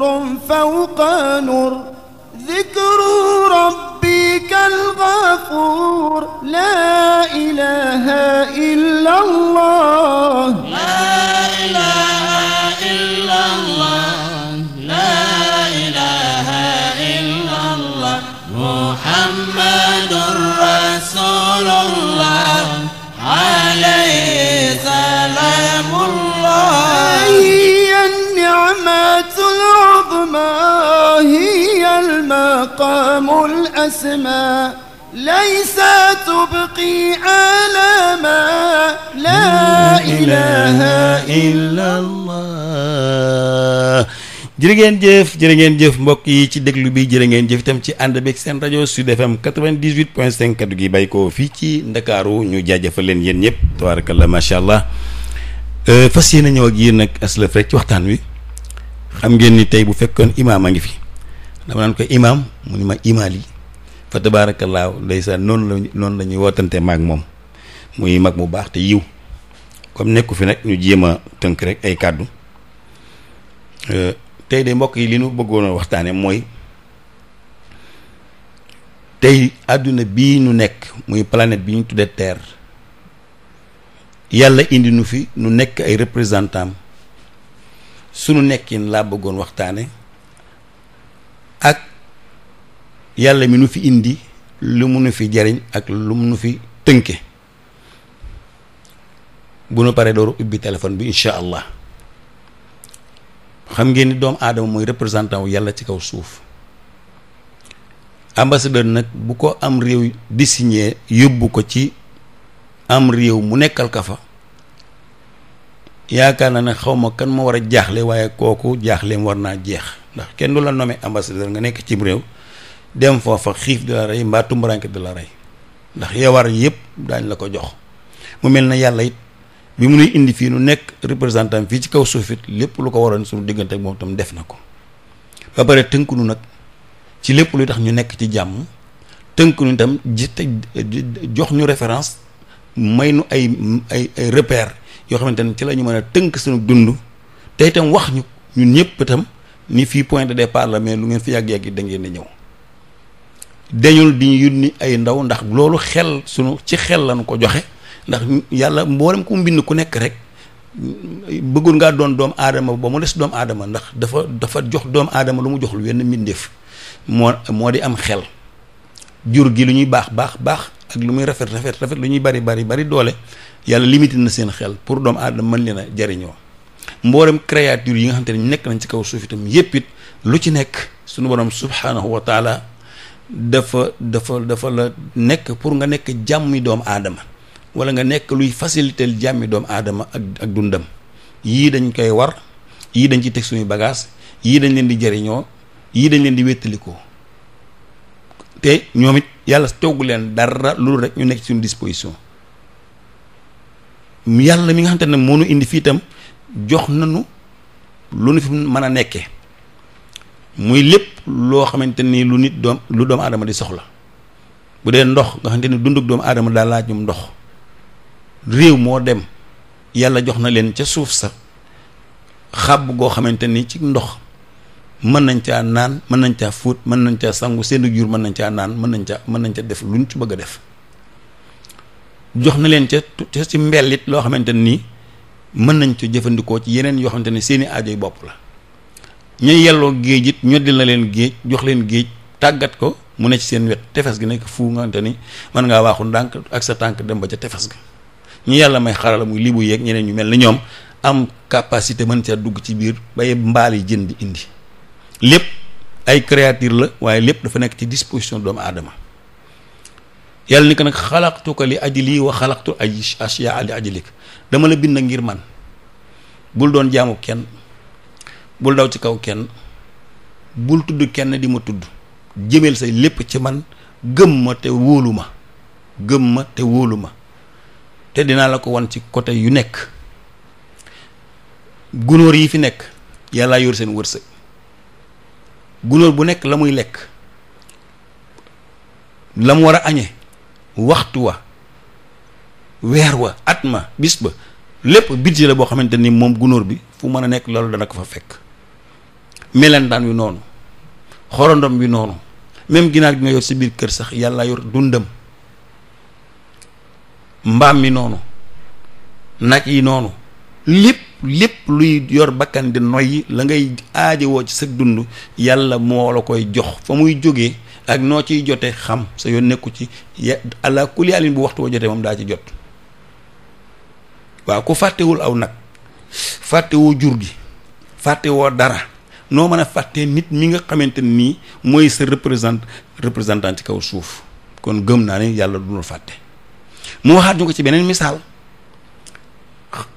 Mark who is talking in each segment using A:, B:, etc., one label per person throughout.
A: نار فوق نور ذكر ربك الغفور لا إله إلا الله لا إله إلا الله مقام الأسماء ليس تبقي آلاما لا إله
B: إلا الله jërë ngeen jëf jërë ngeen jëf mbokk yi ci déglu bi jërë ngeen jëf itam ci ànd beeg seen rajo Sud FM 98.5 kaddu gi bàyyi ko fii ci ndakaaru ñu jaajëfal leen yéen ñëpp tabaarakallah macha allah euh, fas yéene ñëw ak yéen nag aslëf rek ci waxtaan wi xam ngeen ni tey bu fekkoon imaam a ngi fi dama naan ko imaam mu ni ma imaal yi fa tabaarakallaahu ndeysaan noonu la noonu lañuy ñuy maak moom muy mag bu baax te yiw comme nekku fi nag ñu jéem a tënk rek ay kàddu euh, tey de mbokk yi li ñu bëggoon a waxtaane mooy tey àdduna bii ñu nekk muy planète bi ñu tuddee terre yàlla indi nu fi nu nekk ay représentant sunu nekkin laa bëggoon waxtaane ak yàlla mi nu fi indi lu mu nu fi jariñ ak lu mu nu fi tënke bu nu paree dooru ubbi téléphone bi incha allah xam ngeen ni doomu aadama mooy représentant wu yàlla ci kaw suuf ambassadeur nag bu ko am réew désigné yóbbu ko ci am réew mu nekkal ka fa yaakaar na ne xaw ma kan ma war a jaaxle waaye kooku jaaxleem war naa jeex ndax kenn du la nommé ambassadeur nga nekk ci réew dem foofa xiif di la rey mbaa tumbaranke di la rey ndax yawar yëpp daañ la ko jox mu mel na yàlla it bi mu nuy indi fii nu nekk représentant fii ci kaw suuf it lépp lu ko waroon suñu diggante ak moom tam def na ko ba pare tënku nag ci lépp luy tax ñu nekk ci jàmm tënku itam ji jox ñu référence may nu ay ay ay yoo xamante ne ci la ñu mën a tënk suñu dund tey itam wax ñu ñun ñëpp tam ni fii point de départ la mais lu ngeen fi yàgg-yàgg yi da ne di ñëw dañul di ñu yónni ay ndaw ndax loolu xel suñu ci xel lañu ko joxe ndax yàlla mboolem ku mbind ku nekk rek bëggul ngaa doon doomu aadama ba mu des doomu aadama ndax dafa dafa jox doomu aadama lu mu jox lu wenn mbindeef moo moo di am xel jur gi lu ñuy baax baax baax ak lu muy rafet rafet rafet lu ñuy bari bari bari doole yàlla limité na seen xel pour doomu aadama mën leen a jariñoo mboolem créature yi nga xam te ne nekk nañ ci kaw suuf itam yépp it lu ci nekk suñu borom subhaanahu wa taala dafa dafa dafa la nekk pour nga nekk jàmmi doomu aadama wala nga nekk luy facilitel jàmmi doomu aadama ak ak dundam yii dañ koy war yii dañ ci teg suñuy bagage yii dañ leen di jariñoo yii dañ leen di wéttalikoo te ñoom it yàlla toggu leen dara loolu rek ñu nekk suñu disposition yàlla mi nga xamante ne moo nu indi fii itam jox nañu lu nu fi mën a nekkee muy lépp loo xamante ni lu nit doom lu doom aadama di soxla bu dee ndox nga xamante ni dunduk doom aadama daa laaj ñum ndox réew moo dem yàlla jox na leen ca suuf sa xàbb goo xamante ni ci ndox mën nañ caa naan mën nañ caa fóot mën nañ caa sangu seen jur mën nañ ca naan mën nañ caa mën nañ caa def luñ ci bëgg a def jox na leen ca ca ci mbellit loo xamante nii mën nañ ci jëfandikoo ci yeneen yoo xamante ne seeni aajo yu bopp la ñuy yelloo géej it ñoddil la leen géej jox leen géej tàggat ko mu ne ci seen wet tefes gi nekk fu nga xamante ni mën ngaa waaxu ndànk ak sa tànk dem ba ca tefes gi ñu yàlla may xarala muy libu yeeg ñeneen ñu mel ni ñoom am capacité mën cee dugg ci biir bay mbaal yi jën di indi lépp ay créature la waaye lépp dafa nekk ci disposition doomu aadama yàlla ni ko nag xalaqtuka li ajli wax xalaqtu aj asyaa li ajlik dama la bind ngir man bul doon jaamu kenn bul daw ci kaw kenn bul tudd kenn di ma tudd jëmeel say lépp ci man gëm ma te wóolu ma gëm ma te wóolu ma te dinaa la ko wan ci côté yu nekk gunóor yi fi nekk yàllaa yor seen wërsëg gunóor bu nekk la muy lekk la mu war a añe waxtu wa weer wa at ma bis ba lépp budget la boo xamante ni moom gunóor bi fu mën a nekk loolu dana ko fa fekk melendaan wi noonu xorondom bi noonu même ginaar gi nga yor si biir kër sax yàlla yor dundam mbaam mi noonu nag yi noonu lépp lépp luy yor bakkan di noyyi la ngay aajowoo ci sag dund yàlla moo la koy jox fa muy jógee ak noo ciy jote xam sa yoon nekku ci ya allah kulli alin bu waxtu wa jotee moom daa ci jot waaw ku fàttewul aw nag fàttewoo jur gi fàtte woo dara noo mën a fàtte nit mi nga xamante nii mooy sa représent représentant ci kaw suuf kon gëm naa ne yàlla dunul fàtte mu waxaat ko ci beneen misaal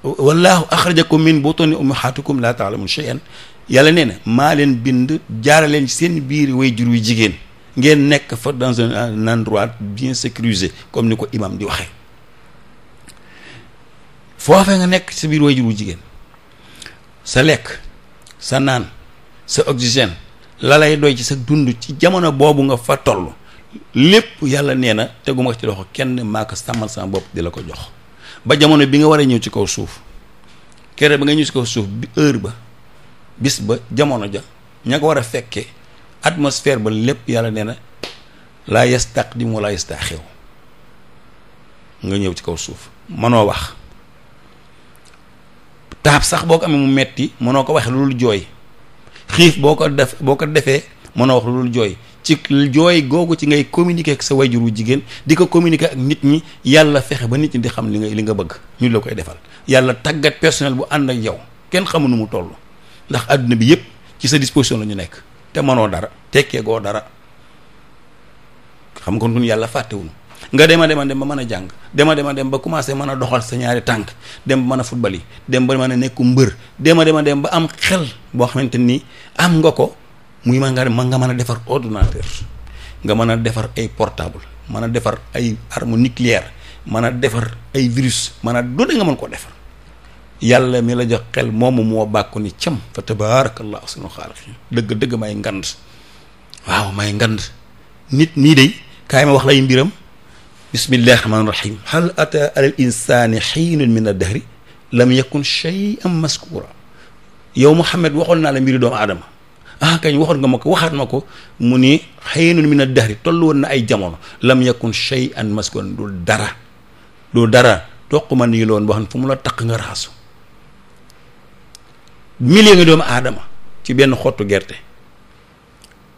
B: wallahu axrajakum min butuni ummahatikum la taalamun shay'an yàlla nee na maa leen bind jaara leen seen biir way jur wi jigéen ngeen nekk fa dans en endroit bien sécurisé comme ni ko imam di waxee foofee nga nekk sa biir wajuru jigéen sa lekk sa naan sa oxygène la lay doy ci sa dund ci jamono boobu nga fa tollu lépp yàlla nee na teguma ci loxo kenn maa ko sàmmal sama bopp di la ko jox ba jamono bi nga war a ñëw ci kaw suuf kere ba nga ñëw si kaw suuf bi heure ba bis ba jamono ja ña ko war a fekkee atmosphère ba lépp yàlla nee na laa yastaqdimu laa yastaaxiru nga ñëw ci kaw suuf mënoo wax taab sax boo ko amee mu metti mënoo ko waxe lu dul jooy xiif boo ko def boo ko defee mënoo wax lu dul jooy ci jooy googu ci ngay communiquer ak sa wayjuru jigéen di ko communiquer ak nit ñi yàlla fexe ba nit ñi di xam li nga li nga bëgg ñu la koy defal yàlla tàggat personnel bu ànd ak yow kenn xamu nu mu toll ndax àdduna bi yépp ci sa disposition la ñu nekk te manoo dara tekkee goo dara xam nga nun yàlla fàttewul nga dema dema dem ba mën a jàng dema dema dem ba commencé mën a doxal sa ñaari tànk dem ba mën a football yi dem ba mën a nekku mbër dema dema dem ba am xel boo xamante nii am nga ko muy man nga man nga mën a defar ordinateur nga mën a defar ay portable mën a defar ay arme nucléaire mën a defar ay virus mën a doone nga mën koo defar yàlla mi la jox xel moom moo bàkku ni cam fa tabaarakallah sunu xaaliqin dëgg dëgg may ngand waaw may ngand nit nii de kaay wax lay mbiram bismillahi rahmaani rahim hal ata alal insaani xiinun min ad-dahri lam yakun shay'an maskura yow Muhammad waxoon naa la mbiri doomu aadama ah kañ waxoon nga ma ko waxaat ma ko mu ni xiinun min ad-dahri toll woon na ay jamono lam yakun shay'an maskura du dara du dara toq ma nii loon wax fu mu la taq nga raasu million ngi doomu aadama ci benn xottu gerte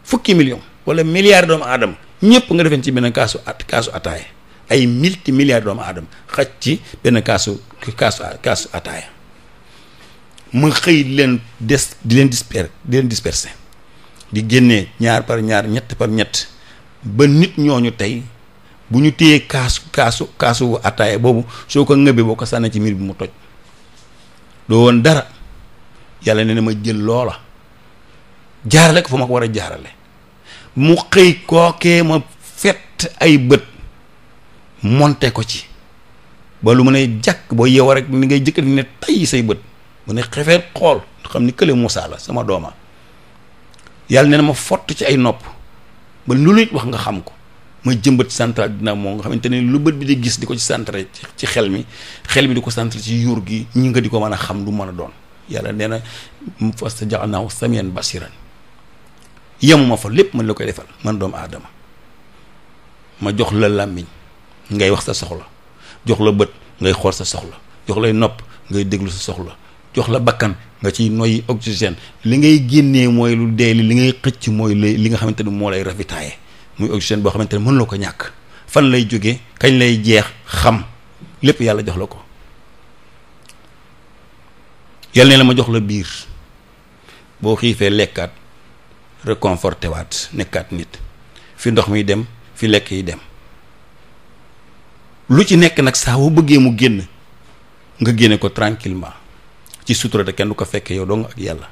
B: fukki million wala milliard doomu aadama ñëpp nga defeen ci benn kaasu at kaasu ataaya ay multi milliard doomu aadama xaj ci benn kaasu kaasu kaasu ataaya ma xëy di leen des di leen disper di leen di génnee ñaar par ñaar ñett par ñett ba nit ñooñu tey bu ñu téyee kaasu kaasu kaasu ataaya boobu soo ko ngëbee boo ko sànnee ci miir bi mu toj doo woon dara yàlla ne na ma jël loola jaarale ko fa ma war a jaarale mu xëy kookee ma fett ay bët monte ko ci ba lu ma ne jàkk boo yeewoo rek ni ngay jëkkati ne tay say bët mu ne xefeet xool xam ni kële Moussa la sama dooma yàlla ne na ma fott ci ay nopp ba lu nit wax nga xam ko ma jëmbët central dina moo nga xamante ne lu bët bi di gis di ko ci centré ci xel mi xel mi di ko centré ci yuur gi ñu nga di ko mën a xam du mën a doon yàlla nee sa fastajaanaahu samian basiran yemuma fa lépp mën la koy defal man doomu aadama ma jox la làmmiñ ngay wax sa soxla jox la bët ngay xool sa soxla jox lay nopp ngay déglu sa soxla jox la bakkan nga ciy noyyi oxygène li ngay génnee mooy lu dee li ngay xëcc mooy li nga xamante ni moo lay ravitailler muy oxygène boo xamante ne mën la ko ñàkk fan lay jóge kañ lay jeex xam lépp yàlla jox la ko yal ne ma jox la biir boo xiifee lekkaat réconforté waat nekkaat nit fi ndox mi dem fi lekk yi dem lu ci nekk nag saa woo bëggee mu génn nga génne ko tranquillement ci sutura te kenn du ko fekkee yow dong ak yàlla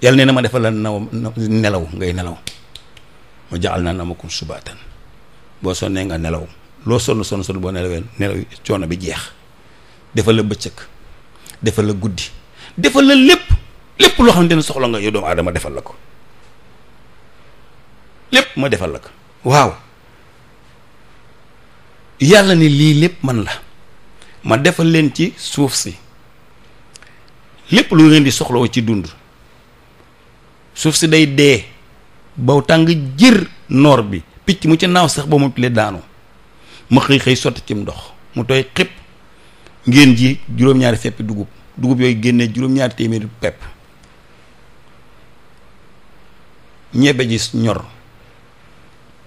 B: yàlla nee na ma defal la naw nelaw ngay nelaw ma jaxal naa na namakum subaatan boo sonnee nga nelaw loo sonn sonn sonn boo nelawee nelaw coono bi jeex defal la bëccëg defal la guddi defal la lépp lépp loo xam ne soxla nga yow doomu aadama defal la ko lépp ma defal la ko waaw yàlla ni lii lépp man la ma defal leen ci suuf si lépp lu ngeen di soxlawoo ci dund suuf si day dee baw tàng jër noor bi picc mu ci naaw sax ba mu tilee daanu ma xëy xëy sotti cim ndox mu tooy xëpp ngeen ji juróom-ñaari feppi dugub dugub yooyu génne juróom-ñaari téeméeri pepp ñebe ji ñor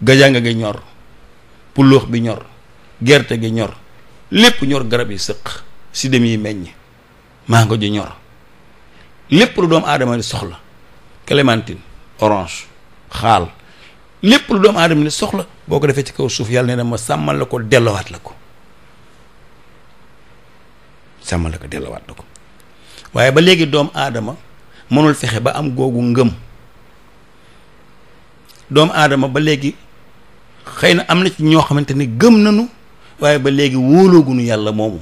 B: gajanga gi ñor puloox bi ñor gerte gi ñor lépp ñor garab yi sëq si dem yi meññ mango ji ñor lépp lu doomu aadama di soxla clémentine orange xaal lépp lu doomu aadama di soxla boo ko defee ci kaw suuf yàlla nee na ma sàmmal ko dellowaat la ko sàmm la ko delluwaat la ko waaye ba léegi doom aadama mënul fexe ba am googu ngëm doom aadama ba léegi xëy na am na ci ñoo xamante ni gëm nañu waaye ba léegi wóolooguñu yàlla moomu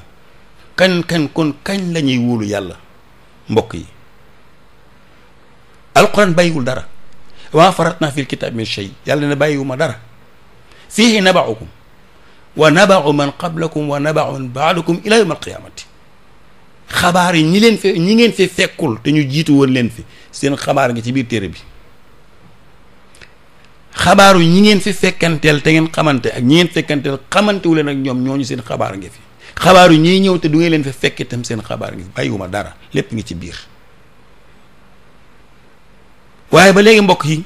B: kañ kañ kon kañ lañuy ñuy wóolu yàlla mbokk yi alquran bàyyiwul dara waa farat naa fil kitaab min shay yàlla ne bàyyiwuma dara fiihi nabaukum wa nabau man qablakum wa nabau man baadakum ila yawm alqiyamati xabaar yi ñi leen fi ñi ngeen fi fekkul te ñu jiitu woon leen fi seen xabaar ngi ci biir téere bi xabaaru ñi ngeen fi fekkanteel te ngeen xamante ak ñi ngeen fekkanteel xamantewu leen ak ñoom ñoo ñu seen xabaar ngi fi xabaar yu ñuy ñëw te du ngeen leen fi fekk itam seen xabaar ngi fi bàyyiwuma dara lépp ngi ci biir waaye ba léegi mbokk yi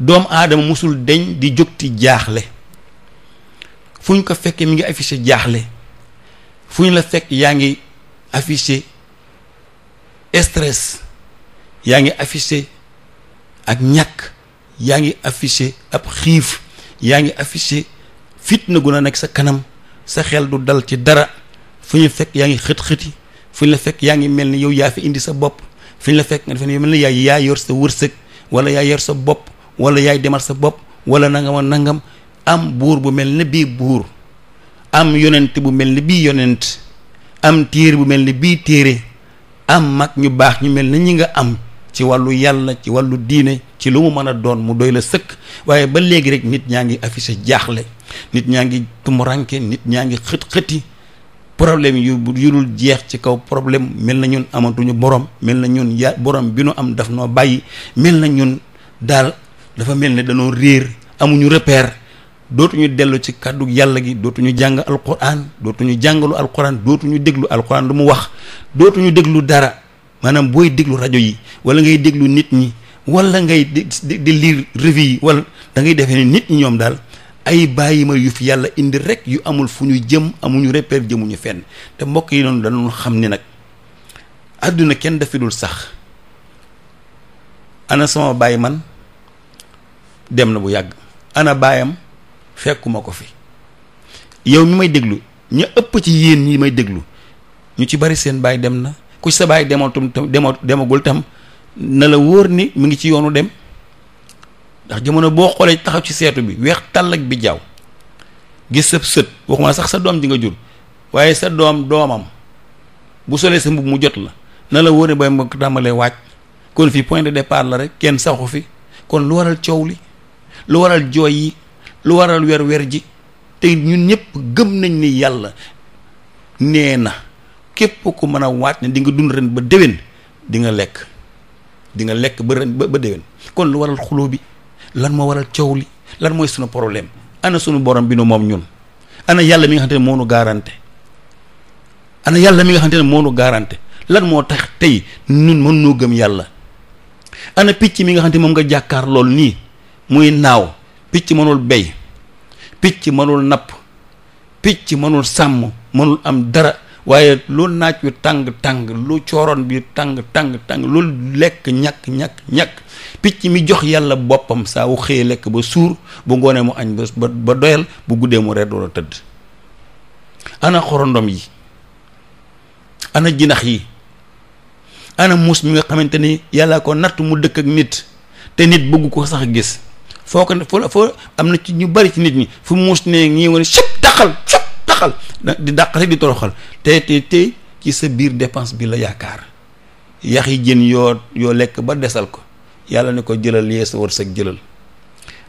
B: doomu aadama musul deñ di jóg ti jaaxle fu ñu ko fekkee mi ngi affiché jaaxle fu ñu la fekk yaa ngi affiché stress yaa ngi affiché ak ñàkk yaa ngi affiché ab xiif yaa ngi affiché fit gu na nag sa kanam sa xel du dal ci dara fu ñu fekk yaa ngi xët-xëti fu ñu la fekk yaa ngi mel ni yow yaa fi indi sa bopp fu la fekk nga defe ne yow mel ni yaay yaa yor sa wërsëg wala yaa yor sa bopp wala yaay demal sa bopp wala nangam nangam am buur bu mel ne bii buur am yonent bu mel ni bii yonent am téere bu mel ni bii téere am mag ñu baax ñu mel ni ñi nga am ci wàllu yàlla ci wàllu diine ci lu mu mën a doon mu doy la sëkk waaye ba léegi rek nit ñaa ngi affiché jaaxle nit ñaa ngi tumuranke nit ñaa ngi xët xëti problème yu yu dul jeex ci kaw problème mel na ñun amatuñu borom mel na ñun ya borom bi nu am daf noo bàyyi mel na ñun daal dafa mel ne danoo réer amuñu repère dootuñu dellu ci kàddu yàlla gi dootuñu jàng alquran dootuñu jàngalu alquran dootuñu déglu alquran lu mu wax dootuñu déglu dara maanaam booy déglu rajo yi wala ngay déglu nit ñi walla ngay di révi yi wala da ngay defee nit ñi ñoom daal ay bàyyi yu fi yàlla indi rek yu amul fu ñu jëm amuñu repère jëmuñu fenn te mbokk yi noonu dañu xam ni nag àdduna kenn dafi dul sax ana sama baay man dem na bu yàgg ana baayam fekkuma ko fi yow mi may déglu ña ëpp ci yéen ñi may déglu ñu ci bari seen baay dem na ku ci sa baay demootum demoo demagul tam na la wóor ni mu ngi ci yoonu dem ndax jamono boo xoolee taxaw ci seetu bi weex tàll ak bi jaaw gis sa sët waxuma sax sa doom ji nga jur waaye sa doom doomam bu solee sa mbubb mu jot la na la wóor ne bay ma tàmbalee waaj kon fii point de départ la rek kenn saxu fi kon lu waral coow li lu waral jooy yi lu waral weer weer ji tey ñun ñëpp gëm nañ ni yàlla nee na képp ku mën a waat ne di nga dund ren ba déwén di nga lekk di nga lekk ba ren ba déwén kon lu waral xuloo bi lan moo waral coow li lan mooy sunu problème ana sunu borom bi nu moom ñun ana yàlla mi nga xamante ne moo nu ana yàlla mi nga xamante ne moonu nu lan moo tax tey ñun mën noo gëm yàlla ana picc mi nga xam ne moom nga jàkkaar lool nii muy naaw picc mënul bey picc mënul napp picc mënul sàmm mënul am dara waaye lu naaj wi tàng-tàng lu cooroon bi tàng-tàng-tàng lu lekk ñàkk-ñàkk-ñàkk picc mi jox yàlla boppam sa wu xëyee lekk ba suur bu ngoonee mu añ ba doyal bu guddee mu reer door a tëdd ana xorondom yi ana jinax yi ana muus mi nga xamante ni yàlla ko natt mu dëkk ak nit te nit bëgg ko sax a gis foo ko foo foo am na ci ñu bari ci nit ñi fu muus ne ñii wane sëpp daqal taxal daqal di dàq rek di toroxal tey tey tey ci sa biir depanse bi la yaakaar yax yi jën yoo yoo lekk ba desal ko yàlla ne ko jëlal yee sa wërsëg jëlal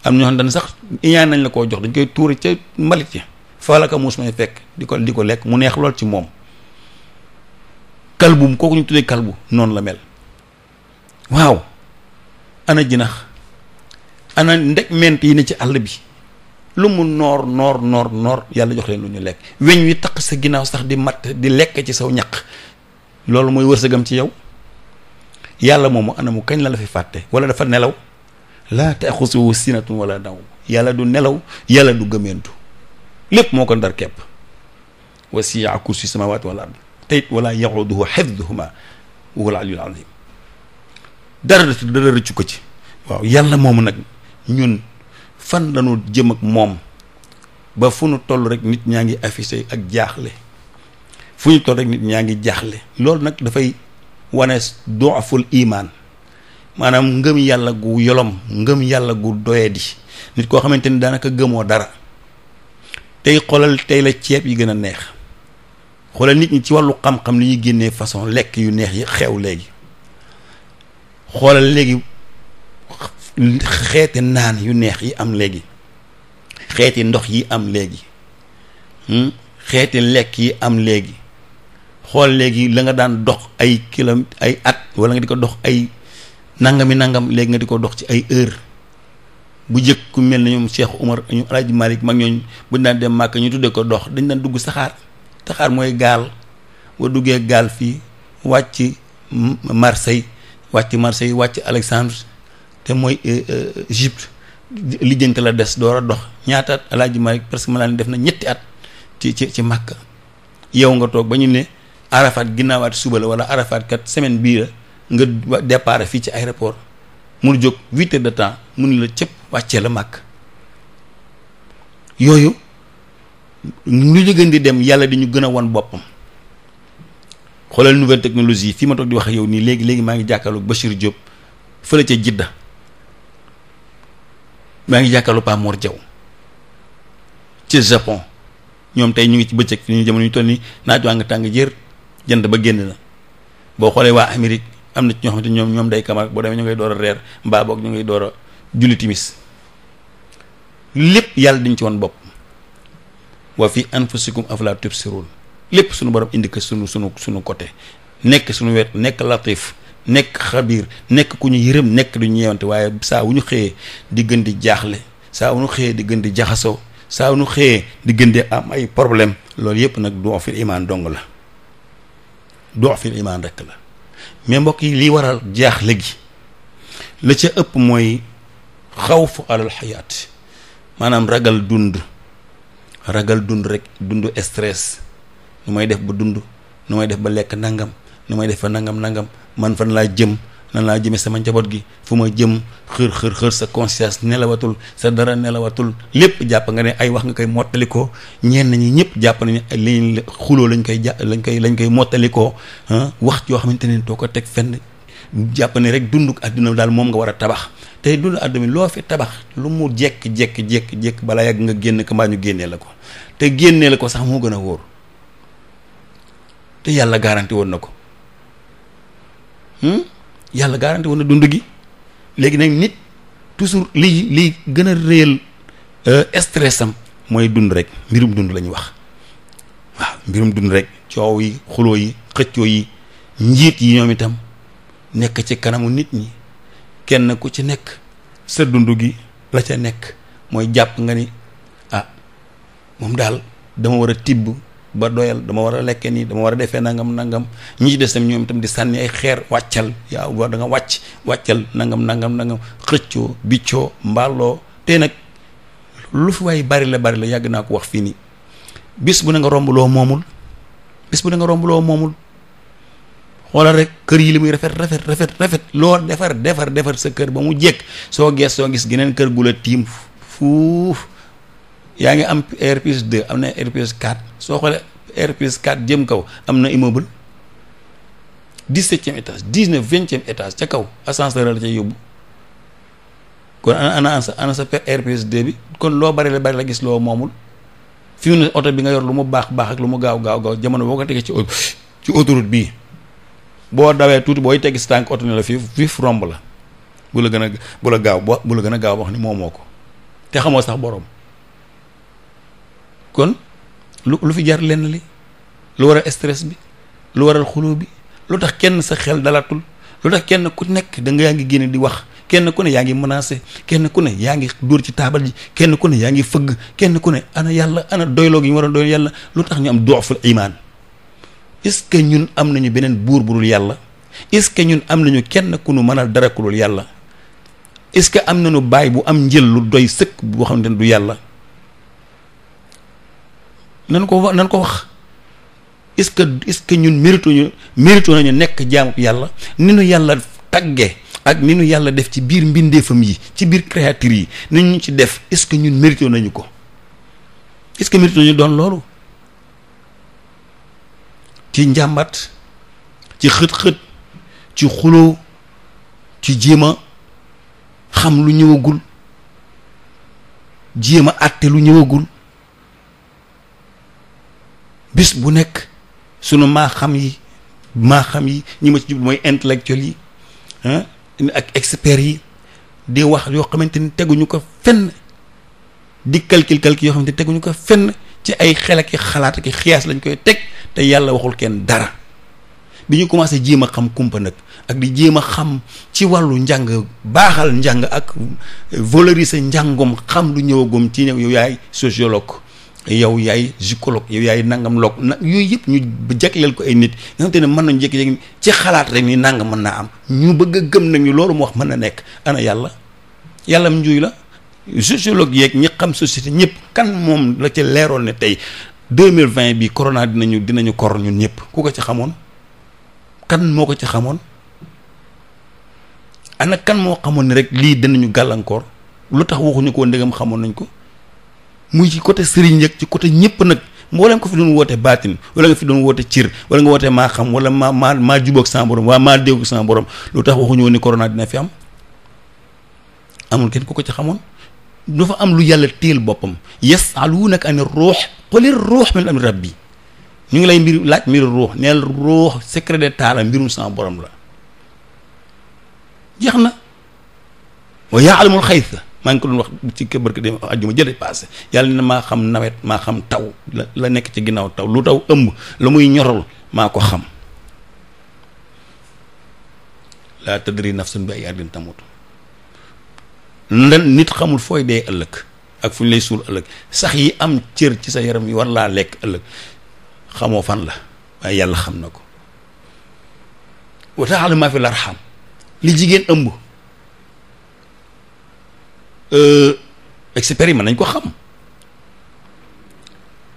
B: am na ñoo xam ne sax iñaan nañ la koo jox dañ koy tuuri ca mbalit yi fa ko muus may fekk di ko di ko lekk mu neex lool ci moom kalbum kooku ñu tuddee kalbu noonu la mel waaw ana jinax ana ndeg ment yi ne ci àll bi lu mu noor noor noor noor yàlla jox leen lu ñu lekk weñ wi taq sa ginnaaw sax di matt di lekk ci saw ñaq loolu mooy wërsëgam ci yow yàlla moomu anamu kañ la la fi fàtte wala dafa nelaw laa taxusuhu sinatun wala yàlla du nelaw yàlla du gëmeentu lépp moo ko ndar kepp wasia kursi samawati wal ard teyit wala yaxuduhu wa huwa al aliyul azim ci waaw yàlla moomu nag ñun fan lañu jëm ak moom ba fu ñu toll rek nit ñaa ngi affiché ak jaaxle fu ñu toll rek nit ñaa ngi jaaxle loolu nag dafay wane doaful imaan maanaam ngëm yàlla gu yolom ngëm yàlla gu doyadi nit koo xamante ni daanaka gëmoo dara tey xoolal tey la ceeb yi gën a neex xoolal nit ñi ci wàllu xam-xam li ñuy génnee façon lekk yu neex yi xew léegi xoolal léegi xeeti naan yu neex yi am léegi xeeti ndox yi am léegi hmm? xeeti lekk yi am léegi xool léegi la nga daan dox ay kilom ay at wala nga di ko dox ay nangami nangam léegi nga di ko dox ci ay heure bu jëkk ku mel ne ñoom Cheikh Umar ñu Alaaji Malik mag ñooñ buñ daan dem màkk ñu tuddee ko dox dañ daan dugg saxaar saxaar mooy gaal boo duggee gaal fii wàcc Marseille wàcc Marseille wàcc Alexandre te mooy Égypte euh, euh, lijjante la des door a dox ñaata at alaaji Malik parce que ma def na ñetti at ci ci ci Makka yow nga toog ba ñu ne Arafat ginnaawaat suba la wala Arafat semaine bii nga départ fii ci aéroport mu jóg huit de temps mu ni la cëpp wàccee la màkk yooyu lu ñu gën di dem yàlla di ñu gën a wan boppam. xoolal nouvelle technologie fii ma toog di wax yow nii léegi léegi maa ngi jàkkaarloog Bachir Diop fële ca Jidda maa ngi jàkkaarloo Pape Mor Diaw ci Japon ñoom tey ñu ngi ci bëccëg fi ñu jamono ñu toll nii naaj waa nga tàng jër jënd ba génn na boo xoolee waa Amérique am na ci ñoo ñoom ñoom day kamar boo demee ñu ngay door reer mbaa boog ñu ngay doora a julli timis lépp yàlla dañ ci woon bopp wa fi anfusikum afala tubsirun lépp suñu borom indi ko sunu sunu suñu côté nekk suñu wet nekk latif nekk xabiir nekk ku ñu yërëm nekk du ñeewante waaye saa wu ñu xëyee di gën di jaaxle saa wu ñu xëyee di gën di jaxasoo saa wu ñu xëyee di gën di am ay problème loolu yëpp nag doo fil imaan dong la doo fil imaan rekk la mais mbokk yi li waral jaaxle gi la ca ëpp mooy xaw fu alal xayaat maanaam ragal dund ragal dund rek dund stress nu may def ba dund nu may def ba lekk nangam ni may defee nangam nangam man fan laa jëm nan laa jëmee sama njaboot gi fu ma jëm xër xër xër sa conscience nelawatul sa dara nelawatul lépp jàpp nga ne ay wax nga koy mottalikoo ñenn ñi ñëpp jàpp nañu li xuloo lañ koy jà lañ koy lañ koy mottalikoo wax yoo xamante ne doo ko teg fenn jàpp ne rek dund àdduna daal moom nga war a tabax tey dund àdduna mi loo fi tabax lu mu jekk-jekk-jekk-jekk balaa yàgg nga génn ka ñu génnee la ko te génnee la ko sax moo gën a wóor te yàlla garanti woon na ko Hmm? yàlla garanti woon dund gi léegi nag nit toujours lii lii gën a réyal euh, stress am mooy dund rek mbirum dund la ñuy wax waaw mbirum dund rek coow yi xuloo yi xëccoo yi njiit yi ñoom itam nekk ci kanamu nit ñi kenn ku ci nekk sa dund gi la ca nekk mooy jàpp nga ni ah moom daal dama war a tibb ba doyal dama war a lekke nii dama war a defee nangam nangam ñi ci des tam ñoom itam di sànni ay xeer wàccal yaa war danga wàcc wàccal nangam nangam nangam xëccoo biccoo mbaaloo te nag lu fi waaye bari la bari la yàgg naa ko wax fii nii bis bu ne nga romb loo moomul bis bu ne nga romb loo moomul xoolal rek kër yi li muy rafet rafet rafet rafet loo defar defar defar sa kër ba mu jekk soo gees soo gis geneen kër gu la tiim fuuf yaa ngi am R plus am na R plus soo xoolee R plus jëm kaw am na immeuble dix-septième étage dix-neuf vingtième étage ca kaw ascenseur la ca yóbbu kon ana ana sa ana sa R plus 2 bi kon loo bari la bari la gis loo moomul fi mu ne bi nga yor lu mu baax baax ak lu mu gaaw gaaw gaaw jamono boo ko tegee ci ci autoroute bii boo dawee tuuti booy tegg si tànk oto la fii fii romb la bu la gën a bu la gaaw bu la gën a gaaw wax ni moomoo ko te xamoo sax borom. kon lu lu fi jar lenn li lu waral stress bi lu waral xuloo bi lu tax kenn sa xel dalatul lu tax kenn ku nekk da yaa ngi génn di wax kenn ku ne yaa ngi menacé kenn ku ne yaa ngi dóor ci taabal ji kenn ku ne yaa ngi fëgg kenn ku ne ana yàlla ana doyloo gi ñu war a doy yàlla lu tax ñu am dooful imaan est-ce que ñun am nañu beneen buur bu yàlla est-ce que ñun am nañu kenn ku nu mënal dara ku dul yàlla est-ce que am nañu baay bu am njël lu doy sëkk boo xam ne du yàlla. nan ko wa nan ko wax est ce que est ce que ñun mérituñu méritu nañu nekk jaamu yàlla ni nu yàlla tagge ak ni nu yàlla def ci biir mbindeefam yi ci biir créature yi ni ñu ci def est ce que ñun mérité nañu ko est ce que mérité nañu doon loolu ci njàmbat ci xët-xët ci xuloo ci jéema xam lu ñëwagul jéem a àtte lu ñëwagul bis bu nekk sunu maa xam yi maa xam yi ñi ma ci jublu mooy intellectuels yi ak experts yi di wax yoo xamante ni teguñu ko fenn di calcul calcul yoo xamante ni teguñu ko fenn ci ay xel ak i xalaat lañ koy teg te yàlla waxul kenn dara bi ñu commencé jéem a xam kumpa nag ak di jéem a xam ci wàllu njàng baaxal njàng ak valoriser njàngum xam lu ñëwagum ci ñëw yow yaay sociologue yow yaay gynécologue yow yaay nangam loog na yooyu yëpp ñu jagleel ko ay nit nga xam te ne mën nañu jékki-jékki ci xalaat rek ni nangam mën naa am ñu bëgg a gëm nañu loolu mu wax mën na nekk ana yàlla yàlla am njuuy la sociologue yeeg ñi xam société ñëpp kan moom la ci leeroon ne tey deux mille vingt bi corona dinañu dinañu kor ñun ñëpp ku ko ci xamoon kan moo ko ci xamoon ana kan moo xamoon ne rek lii dinañu gàllankoor lu tax waxuñu ko ndegam xamoon nañ ko muy ci côté sëriñ yëg ci côté ñëpp nag mboolem ko fi doon woote baatin wala nga fi doon woote cir wala nga woote maa xam wala maa maa maa jubóog sama borom waa maa dégg sama borom lu tax waxuñu woon ni corona dina fi am amul ku ko ci xamoon dafa am lu yàlla téel boppam yasaluunaka ani ruux qulir ruux min amri ñu ngi lay mbir laaj mbiru ruux neel ruux secret de taala mbirum sama borom la jeex na wa yaalamul xaysa maa ngi ko doon wax ci këbër ki dem ajjuma jële passé yàlla na maa xam nawet maa xam taw la la nekk ci ginnaaw taw lu taw ëmb lu muy ñorol maa ko xam laa tadri nafsun bi ay ardin tamut nit xamul fooy dee ak fu suul ëllëg sax yi am cër ci sa yaram yi war laa lekk ëllëg xamoo fan la waaye yàlla xam na ko wa taala maa fi larxam li jigéen ëmb Euh, experts yi nañ ko xam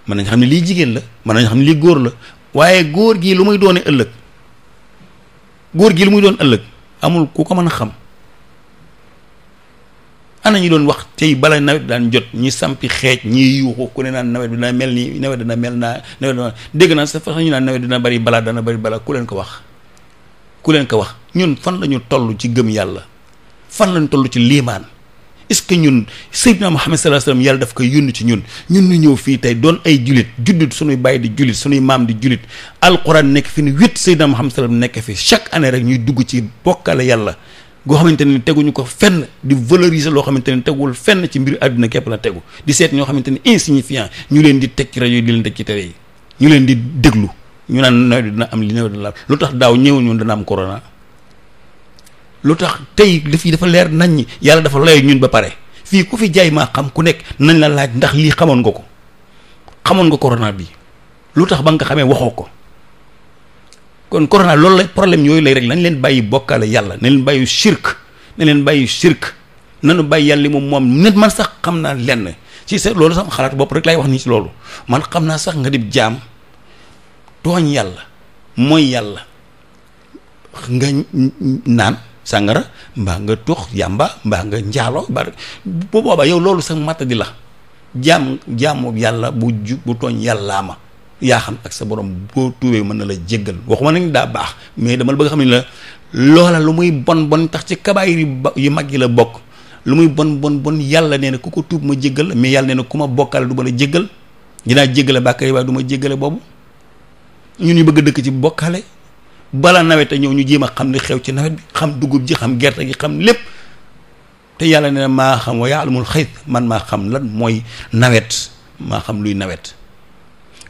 B: mën nañ xam ne lii jigéen la mën nañ xam ne lii góor la waaye góor gii lu muy doone ëllëg góor gii lu muy doon ëllëg amul ku ko mën a xam ana ñu doon wax tey bala nawet daan jot ñi sampi xeej ñii yuuxu ku ne naan nawet bi dina mel nii nawet dina mel naa nawet dégg naa sa façon ñu naan nawet dina bari balaa dana bari balaa ku leen ko wax ku leen ko wax ñun fan lañu ñu toll ci gëm yàlla fan la ñu toll ci liimaan est-ce que ñun Seydina Muhammad am alayhi wasallam yàlla daf koy yónni ci ñun ñun ñu ñëw fii tey doon ay julit juddut suñuy bàyyi di julit suñuy maam di julit alquran nekk fi ni huit Seydina Muhammad am alayhi wasallam nekk fi chaque année rek ñuy dugg ci bokkale yàlla goo xamante ne teguñu ko fenn di valoriser loo xamante ne teguwul fenn ci mbir àdduna képp la tegu di seet ñoo xamante ne insignifiant ñu leen di teg ci rajo yi di leen teg ci télé ñu leen di déglu ñu naan nawet dina am li nawet dina am lu tax daaw ñëwuñu dana am corona lu tax tey daf yi dafa leer nañ yàlla dafa lay ñun ba pare fii ku fi jaay maa xam ku nekk nañ la laaj ndax lii xamoon nga ko xamoon nga corona bi lu tax ba nga xamee waxoo ko kon corona loolu la problème yooyu rek nañ leen bàyyi bokkaale yàlla nañ leen bàyyi leen bàyyi shirk nanu bàyyi yàlla moom moom nit man sax xam naa lenn ci sa loolu sama xalaat bopp rek lay wax nii ci loolu man xam naa sax nga dib jaam tooñ yàlla mooy yàlla nga naan sàngara mbaa nga tux yàmba mbaa nga njaalo ba bu boobaa yow loolu sax matta di la jaam jaamu yàlla bu ju bu tooñ yàllaa ma yaa xam ak sa borom boo tuubee mën na la jéggal waxuma nañ daa baax mais dama la xam ne la loola lu muy bon bon tax ci kabaayir yu mag yi la bokk lu muy bon bon bon yàlla nee na ku ko tuub ma jéggal mais yàlla nee na ku ma bokkaale du ma la jéggal dinaa jéggale bàkkaar yi waaye du ma boobu ñun ñu bëgg dëkk ci bokkaale bala nawet a ñëw ñu jéem a xam li xew ci nawet bi xam dugub ji xam gerte gi xam lépp te yàlla ne maa xam wa yaalamul xayt man maa xam lan mooy nawet maa xam luy nawet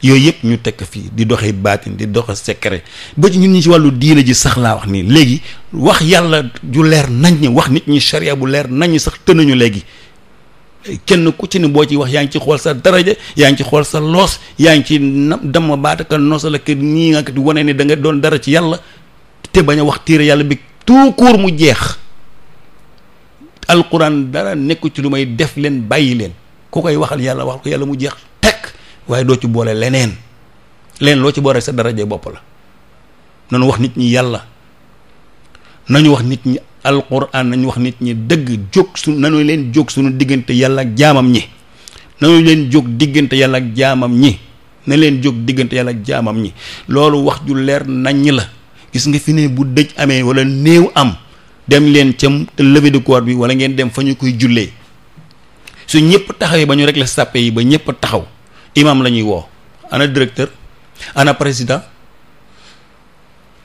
B: yooyu yëpp ñu tekk fii di doxee baatin di doxe secret ba ci ñun ñi ci wàllu diine ji sax laa wax nii léegi wax yàlla ju leer nañ ñi wax nit ñi charia bu leer nañ ñi sax tënañu léegi kenn ku ci ni boo ci wax yaa ngi ci xool sa daraja yaa ngi ci xool sa loos yaa ngi ci na dama baataka noosa la kër ñii nga di wane ni da doon dara ci yàlla te bañ a wax téere yàlla bi tout court mu jeex alquran dara nekku ci lu may def leen bàyyi leen ku koy waxal yàlla wax ko yàlla mu jeex tekk waaye doo ci boole leneen leen loo ci boole sa daraja bopp la nanu wax nit ñi yàlla nañu wax nit ñi alquran nañu wax nit ñi dëgg jóg su nañu leen jóg suñu diggante yàlla ak jaamam ñi nañu leen jóg diggante yàlla ak jaamam ñi na leen jóg diggante yàlla ak jaamam ñi loolu wax ju leer naññ la gis nga fi nii bu dëj amee wala néew am dem leen cam te levée bi wala ngeen dem fa ñu koy jullee su ñëpp taxawee ba ñu rek la sàppe yi ba ñëpp taxaw imam la ñuy woo ana directeur ana président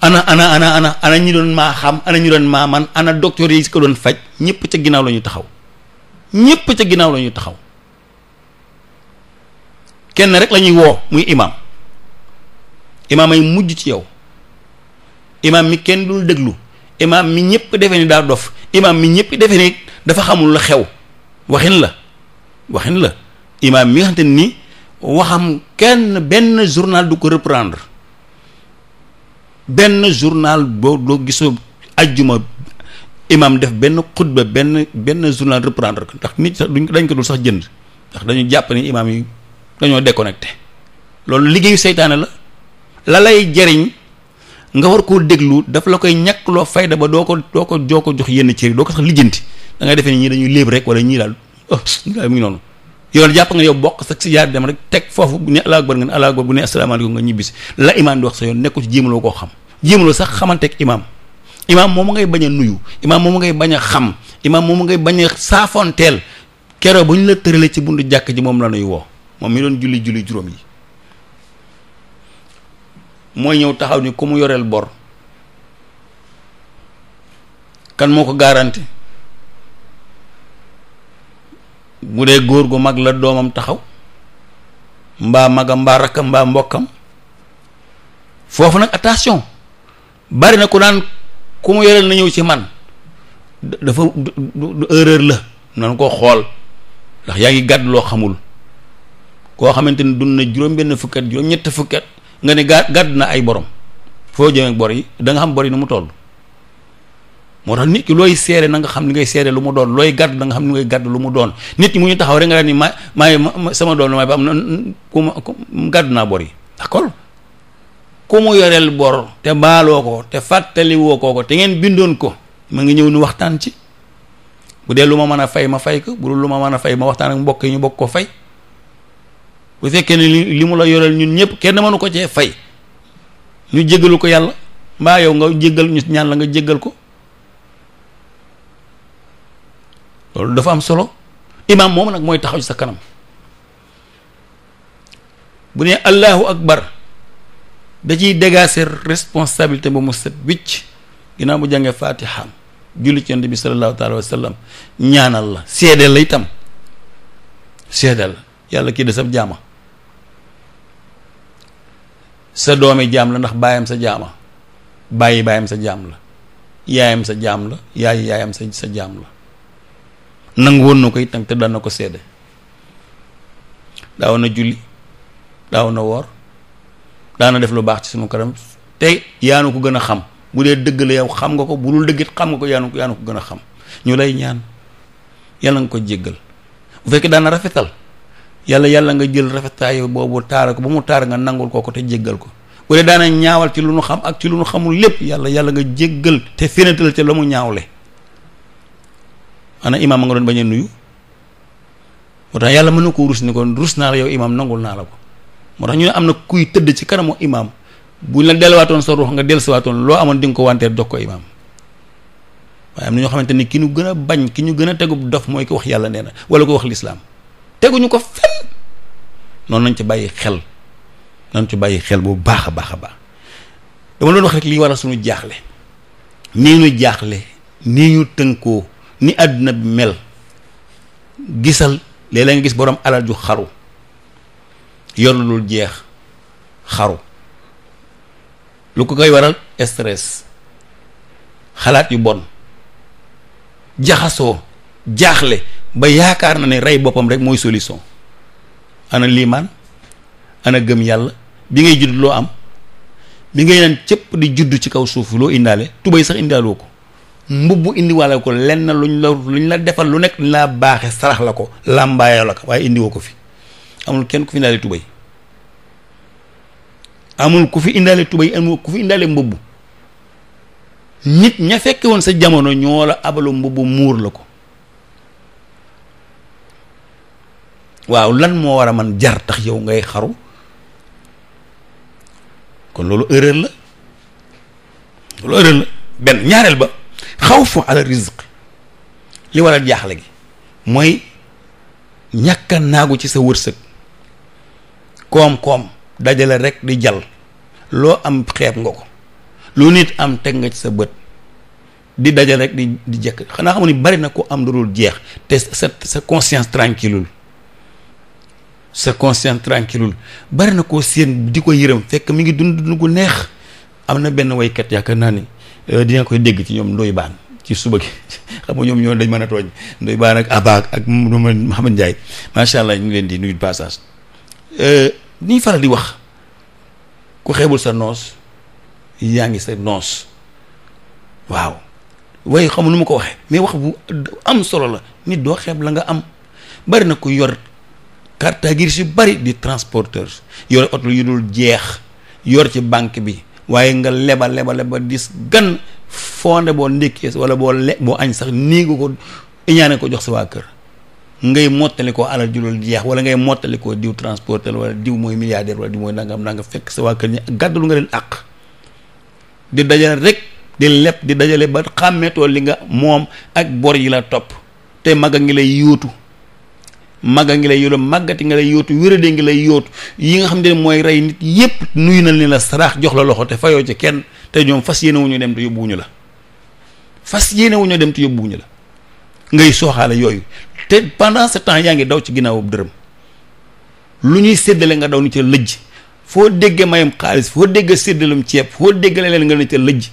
B: ana ana ana ana ana ñi doon maa xam ana ñi doon maa man ana docteur yi si ko doon faj ñëpp ca ginnaaw la ñu taxaw ñëpp ca ginnaaw la taxaw kenn rek lañuy woo muy imaam imaam ay mujj ci yow imaam mi kenn dul déglu imaam mi ñëpp defe ni dof imaam mi ñëpp defe ni dafa xamul la xew waxin la waxin la imaam mi nga xamante ni waxam kenn benn journal du ko reprendre benn journal boo doo gisoo ajjuma imam def benn xutba benn benn journal reprendre ko ndax nit sax duñ dañ ko dul sax jënd ndax dañu jàpp ni imaam yi dañoo déconnecté loolu liggéeyu seytaane la la lay jariñ nga war koo déglu daf la koy ñàkk loo fayda ba doo ko doo ko joo ko jox yenn cër doo ko sax lijjanti da ngay defee ni ñii dañuy léeb rek wala ñii daal oh mu ngi noonu yow jàpp nga yow bokk sa si jaar dem rek teg foofu bu ne allah akbar nga ne allah akbar bu ne asalaamaaleykum nga ñibbisi la imaam di wax sa yoon nekku ci jéemaloo koo xam jéemaloo sax xamanteeg imaam imaam moomu ngay bañ a nuyu imaam moomu ngay bañ a xam imaam moomu ngay bañ a saafonteel keroo bu ñu la tëralee ci buntu jàkk ji moom la nuy woo moom mi doon julli julli juróom yi mooy ñëw taxaw ni ku mu yoreel bor kan moo ko garanti bu dee góor gu mag la doomam taxaw mbaa magam mbaa rakkam mbaa mbokkam foofu nag attention bari na ku naan ku mu yoreel na ñëw ci man dafa du erreur la nan ko xool ndax yaa ngi gàdd loo xamul koo xamante ni dund na juróom-benn fukkat juróom-ñett fukkat nga ne gàdd na ay borom foo jëmee bor yi da nga xam bor yi nu mu toll moo tax nit ki looy seere nanga xam ni ngay seere lu mu doon looy gàdd na nga xam li ngay gàdd lu mu doon nit ñi mu ñu taxaw rek nga daan ni ma maay sama doom la maay ba am na ku ma gàdd naa bor yi d'accord ku mu yoreel te baaloo ko te fàttaliwoo koo ko te ngeen bindoon ko ma ngi ñëw ni waxtaan ci bu dee ma mën a fay ma fay bu lu ma mën a fay ma waxtaan ak mbokk yi ñu bokk ko fay bu fekkee ne li li la yoreel ñun ñëpp kenn mënu ko cee fay ñu jéggalu ko yàlla mbaa yow nga jéggal ñu ñaan la nga jéggal ko loolu dafa am solo imaam moom nag mooy taxaw ci sa kanam bu ne allahu akbar da ciy dégager responsabilité ba mu set wicc ginnaaw bu jàngee faatihaam julli ci bi sallallahu taala wa ñaanal la seedeel la itam seedeel la yàlla kii de sab jaama sa doomi jaam la ndax baayam sa jaama bàyyi baayam sa jaam la yaayam sa jaam la yaay yaayam sa sa jaam la nangu na ko it nag te daan na ko seede daaw na julli daaw na woor na def lu baax ci sunu kanam te yaanu ko gën a xam bu dee dëgg la yow xam nga ko bu dul dëggit xam nga ko yaanu yaanu ko gën a xam ñu lay ñaan yàlla nga ko jéggal bu fekkee daana rafetal yàlla yàlla nga jël rafetaay boobu taara ko ba mu taara nga nangul ko ko te jéggal ko bu dee daana ñaawal ci lu nu xam ak ci lu nu xamul lépp yàlla yàlla nga jéggal te fénatal te la mu ñaawle ana imaam ma nga doon bañ a nuyu moo tax yàlla mën na koo rus ni kon rus naa la yow imaam nangul naa la ko moo tax ñu ne am na kuy tëdd ci kanamu imaam bu la delluwaatoon sa ruux nga dellusiwaatoon loo amoon di ko wanteer jox ko imaam waaye am na ñoo xamante ni ki ñu gën a bañ ki ñu gën a tegub dof mooy ko wax yàlla nee na wala ko wax lislaam teguñu ko fenn noonu nañ ci bàyyi xel nañ ci bàyyi xel bu baax a baax a baax dama doon wax rek li war suñu jaaxle nii ñu jaaxle nii ñu tënkoo ni àdduna bi mel gisal léeg nga gis borom alal ju xaru yor lu dul jeex xaru lu ko koy waral stress xalaat yu bon jaxasoo jaaxle ba yaakaar na ne rey boppam rek mooy solution ana liimaan ana gëm yàlla bi ngay judd loo am bi ngay naan cëpp di judd ci kaw suuf loo indaale tubéy sax indaaloo ko mbubb indiwaale ko lenn luñ la luñ la defal lu nekk luñ baaxe sarax la ko làmbaayoo la ko waaye indiwoo ko fi amul kenn ku fi indaale tubay amul ku fi indaale tubay amul ku fi indaale mbubb nit ña fekke woon sa jamono ñoo la abalu muur la ko waaw lan moo war a man jar tax yow ngay xaru kon loolu erreur la loolu erreur la benn ñaareel ba xaw fa ala rizq li waral jaaxle gi mooy ñàkka naagu ci sa wërsëg koom-koom dajale rek di jal loo am xeeb nga ko loo nit am teg nga ci sa bët di dajal rek di di jekk xanaa xam ni bari na ko am lu dul jeex te sa sa conscience tranquille sa conscience tranquille bari na ko séen di ko yërëm fekk mi ngi dund dund gu neex am na benn waykat yaakaar naa ni dina koy dégg ci ñoom ndoy baan ci suba gi xam nga ñoom ñoo dañ mën a tooñ ndoy baan ak abaak ak Mouhamed Ndiaye macha allah ñu ngi leen di nuyu passage euh, ni ñu faral di wax ku xeebul sa noos yaa ngi sa noos waaw waaye xam nu ma ko waxee mais wax bu am solo la nit doo xeeb la nga am bari na ku yor carte grise yu bari di transporteur yor oto yu dul jeex yor ci banque bi waaye nga leba leba leba dis gan fonde boo ndékkee wala boo le boo añ sax néegu ko iñaane ko jox sa waa kër ngay mottali ko alal julul jeex wala ngay mottali koo diw transporteur wala diw mooy milliardaire wala diw mooy nangam nangam fekk sa waa kër ñi gàddul nga leen àq di dajale rek di lepp di dajale ba xàmmeetoo li nga moom ak bor yi la topp te mag a ngi lay yóotu màgga ngi lay yóotu màggati nga lay yootu wéradee ngi lay yootu yi nga xam ne mooy rey nit yépp nuyu na ni la saraax jox la loxo te fayoo ci kenn te ñoom fas yéene wuñu dem te yóbbuwuñu la fas yéene dem te yóbbuwuñu la ngay sooxaale yooyu te pendant ce temps yaa ngi daw ci ginnaawu dërëm lu ñuy séddale nga daw ni ca lëjj foo dégg mayam xaalis foo dégg séddalum ceeb foo dégg leen nga ne ca lëjj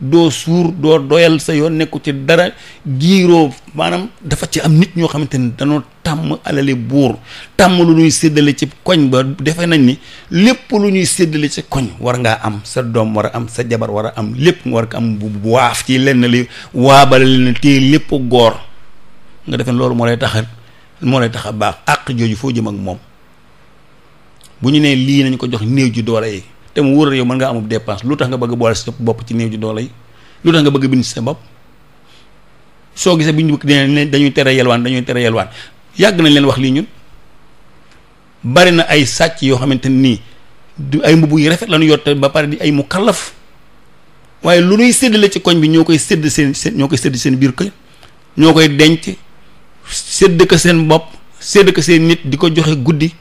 B: doo suur doo doyal sa yoon nekku ci dara giiroo maanaam dafa ci am nit ñoo xamante ni dañoo tàmm alali buur tàmm lu ñuy séddale ci koñ ba defe nañ ni lépp lu ñuy séddale ci koñ war ngaa am sa doom war a am sa jabar war a am lépp nga war ko am bu waaf ci lenn li waabale leen téye lépp góor nga defe loolu moo lay taxa moo lay tax a baax àq jooju foo jëm ak moom bu ñu nee lii nañ ko jox néew ji doole yi te mu wóor yow mën ngaa amub dépense lu tax nga bëgg boole sa bopp ci néew ji doole yi lu tax nga bëgg bind sa bopp soo bu ñu bëgg dañuy tere yelwaan dañuy tere yàgg nañ leen wax lii ñun bari na ay sàcc yoo xamante nii du ay yu rafet la ñu yor ba pare di ay mu kallaf waaye lu ñuy séddale ci koñ bi ñoo koy sédd seen seen ñoo koy sédd seen biir kër ñoo koy denc sédd ko seen bopp sédd ko seen nit di ko joxe guddi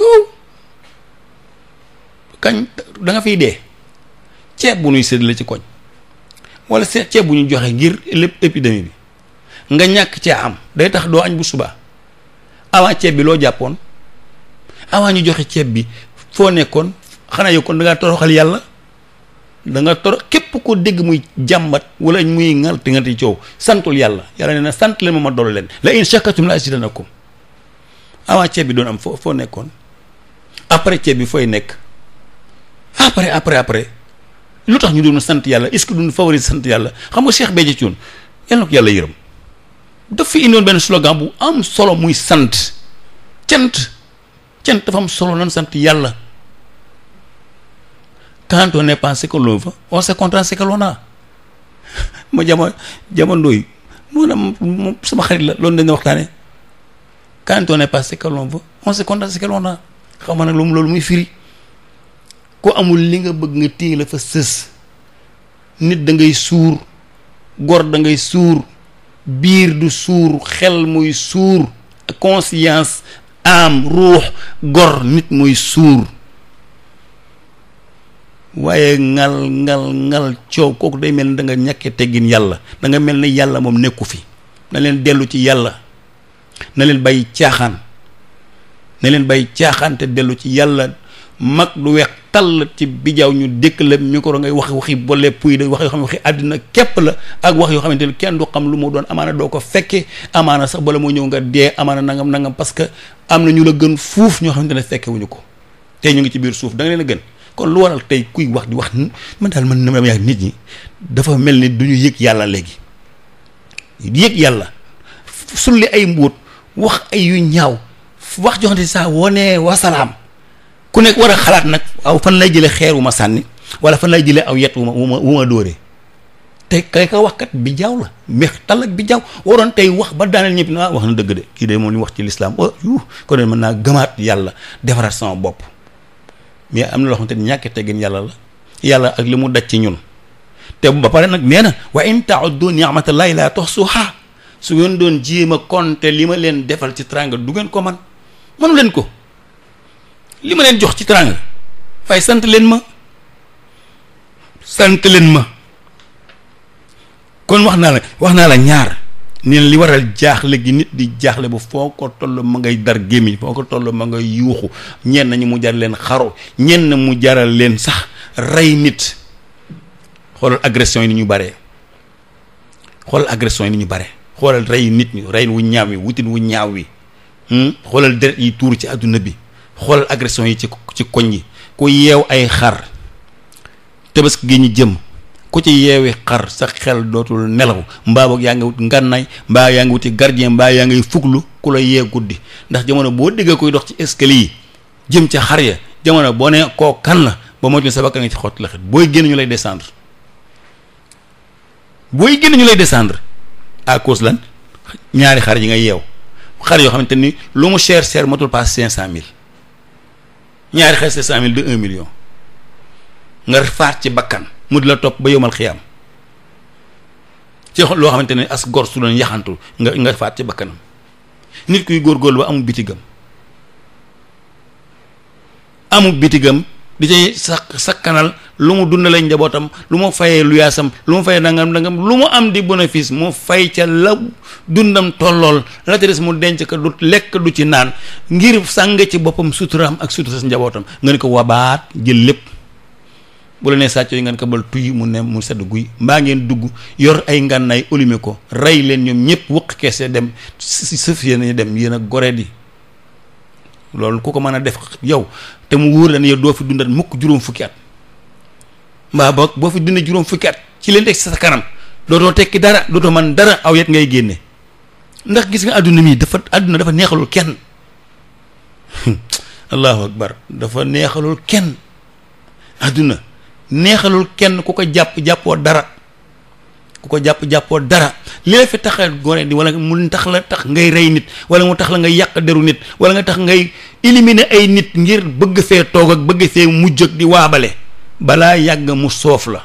B: yow kañ da nga fiy dee ceeb bu ñuy séddale ci koñ wala seet ceeb bu ñu joxe ngir lépp épidémie bi nga ñàkk cee am day tax doo añ bu suba avant ceeb bi loo jàppoon avant ñu joxe ceeb bi foo nekkoon xanaa yow kon da toroxal yàlla da nga toro képp ko dégg muy jàmbat wala muy ngalti ngalti coow yàlla yàlla nee na sant leen ma ma dolli leen la in shakatum la ceeb bi doon am foo foo nekkoon après ceeb bi fooy nekk après après après lu tax ñu doon sant yàlla est-ce que duñ sant yàlla xam nga Cheikh Béthio Thioune yàlla na ko yàlla yërëm daf fi indoon benn slogan bu am solo muy sant cant cant dafa am solo lan sant yàlla quand on n'est pas ce que l'on veut on ma jama jamono yi maanaam sama xarit la loolu dañuy waxtaanee quand on n'est pas ce on se contente a xam nga nag loolu muy firi. ku amul li nga bëgg nga téye la fa sës nit dangay suur góor da suur biir du suur xel muy suur conscience am ruux góor nit muy suur waaye ngal ngal ngal coow kooku day mel ni danga nga ñàkkee teggin yàlla danga mel ni yàlla moom nekku fi na leen dellu ci yàlla na leen bàyyi caaxaan na leen bàyyi caaxaan te dellu ci yàlla mag du weq la ci bijaaw ñu dëkk la micro ngay wax wax waxi boole puy da wax yoo xam ne waxi àddina képp la ak wax yoo xamante ni kenn du xam lu mu doon amaana doo ko fekkee amaana sax bala moo ñëw nga dee amaana nangam nangam parce que am na ñu la gën fuuf ñoo xamante ne fekke wuñu ko tey ñu ngi ci biir suuf da nga leen gën kon lu waral tey kuy wax di wax man daal man dama yàgg nit ñi dafa mel ni du ñu yëg yàlla léegi yëg yàlla sulli ay mbóot wax ay yu ñaaw wax joxante saa wonee wasalaam ku nekk war a xalaat nag aw fan lay jëlee xeer wu ma sànni wala fan lay jëlee aw yet wu ma wu ma wu ma dóoree te kay ka waxkat bi jaaw la mais tal ak bi jaaw waroon tey wax ba daaneel ñëpp na ah, wax na dëgg kii moom li wax ci lislaam oh kon de mën naa gëmaat yàlla defaraat sama bopp mais am na loo xamante ni yàlla yàlla ak li mu daj ci ñun te ba pare nag nee na wa in ta'uddu ni'matallahi la tuhsuha su ngeen doon jéem a te li ma leen defal ci teraanga du ngeen ko man mënu ko li ma leen jox ci teraanga waaye sant leen ma sant leen ma kon wax naa la wax naa la ñaar ne li waral jaaxle gi nit di jaaxle bu foo ko toll ma ngay dar gémmiñ foo ko toll ma ngay yuuxu ñenn ñi mu jar leen xaru ñenn mu jaral leen sax rey nit xoolal agression yi ni ñu bare xoolal agression yi ñu bare xoolal rey nit ñu rey wu ñaaw wi wutin wu ñaaw wi hmm? xoolal deret yi tuur ci àdduna bi xoolal agression yi ci ci koñ yi ku yeew ay xar tabaski gi ñu jëm ku ci yeewi xar sa xel dootul nelaw mbaa boog yaa ngi wut ngànnaay mbaa yaa ngi wuti gardien mbaa yaa ngi fuglu ku la yee guddi ndax jamono boo déggee koy dox ci escalier yi jëm ca xar ya jamono boo ne koo kan la ba moo ne sa bakkan ngi ci xott la xet booy génn ñu lay descendre booy génn ñu lay descendre à cause lan ñaari xar yi nga yeew xar yoo xam xamante ni lu mu cher cher matul paas cinq cent mille ñaari xes sept cent mille de un million nga faat ci bakkan mu di la topp ba yomal xiyaam ci loo xamante ne as gor su doon yaxantu nga nga faat ci bakkanam nit kuy góorgóorlu ba amul bitigam amul bitigam di cay sak sakkanal lu mu dundalee njabootam lu mu fayee luyaasam lu mu fayee dangam dangam lu mu am di bénéfice mu fay ca la dundam tollool la ca mu denc ko du lekk du ci naan ngir sàng ci boppam suturaam ak sutura njabootam nga ne ko wabaat jël lépp bu la nee sàcc yi ngeen ko bal tuy mu ne mu sedd guy mbaa ngeen dugg yor ay ngànnaay olime ko rey leen ñoom ñëpp wëq keese dem si sëf yéen a dem yéen a gore di loolu ku ko mën a def yow te mu wóor la ne yow doo fi dundat mukk juróom fukki at mbaa boog boo fi dundee juróom fukki at ci leen teg sa kanam dootoo tekki dara dootoo man dara aw yet ngay génne ndax gis nga àdduna mi dafa àdduna dafa neexalul kenn allahu akbar dafa neexalul kenn àdduna neexalul kenn ku ko jàpp jàppoo dara ku ko jàpp jàppoo dara li la fi tax a gone di wala mu tax la tax ngay rey nit wala mu tax la ngay yàq deru nit wala nga tax ngay éliminer ay nit ngir bëgg fee toog ak bëgg fee mujj ak di waabale balaa yàgg mu soof la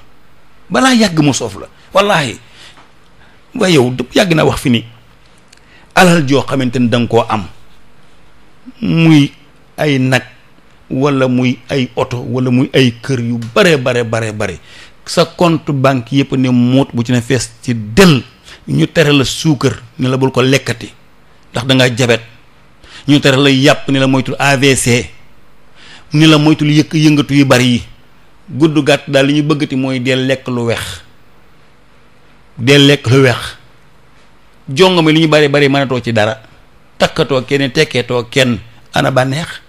B: balaa yàgg mu soof la wallaahi waaye yow yàgg naa wax fi nii alal joo xamante ni danga koo am muy ay nag wala muy ay oto wala muy ay kër yu bare bare bare bare sa compte banque yëpp ni muut bu ci ne fees ci dël ñu tere la suukar ne la bul ko lekkati ndax danga jabet ñu tere la yàpp ne la moytul AVC ni la moytul yëkk yëngatu yu bari yi gudd gàtt daal li ñu bëggati mooy dee lekk lu weex dee lekk lu weex jongoma li ñu bari bari mënatoo ci dara takkatoo kenn tekkeetoo kenn ana bànneex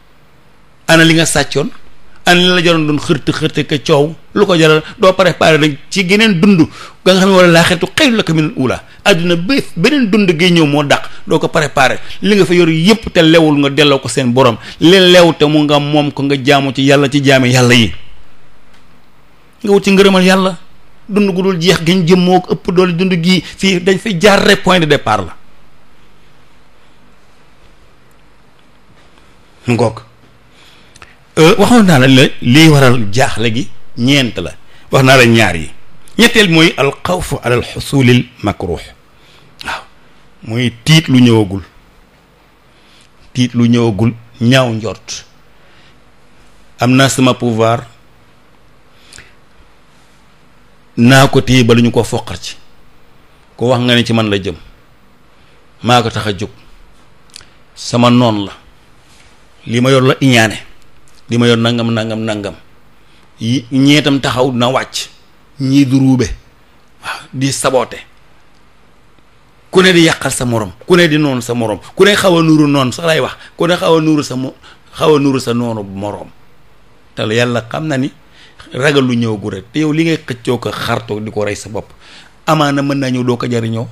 B: ana li nga sàccoon ana li la jaroon doon xërte xërte ka coow lu ko jaral doo préparé rek ci geneen dund ga nga xam ne wala laaxiratu xayru laka minal uulaa àdduna ba beneen dund gi ñëw moo dàq doo ko préparé li nga fa yor yépp te lewul nga delloo ko seen borom leen lew te mu nga moom ko nga jaamu ci yàlla ci jaame yàlla yi nga wut ci ngërëmal yàlla dund gu dul jeex gañ jëm moo ko ëpp dool dund gi fii dañ fay jaar rek point de départ la ngoog euh, waxoon naa la lii waral jaaxle gi ñeent la wax naa la ñaar yi ñetteel mooy al xawfu alal xusulil makruux waaw mooy tiit lu ñëwagul tiit lu ñëwagul ñaaw njort am naa sama pouvoir naa ko téye ba lu ñu ko foqar ci ko wax nga ne ci man la jëm maa ko tax a jóg sama noon la li ma yor la iñaane li ma yor nangam nangam nangam ñii itam taxaw na wàcc ñii du ruube waaw di saboote ku ne di yàqal sa moroom ku ne di noonu sa moroom ku ne xaw a nuuru noonu sax lay wax ku xaw a nuuru sa mo xaw a nuuru sa noonu moroom te yàlla xam na ni ragal lu ñëw gu rek te yow li ngay xëccoo ko xartoog di ko rey sa bopp amaana mën naa ñëw doo ko jariñoo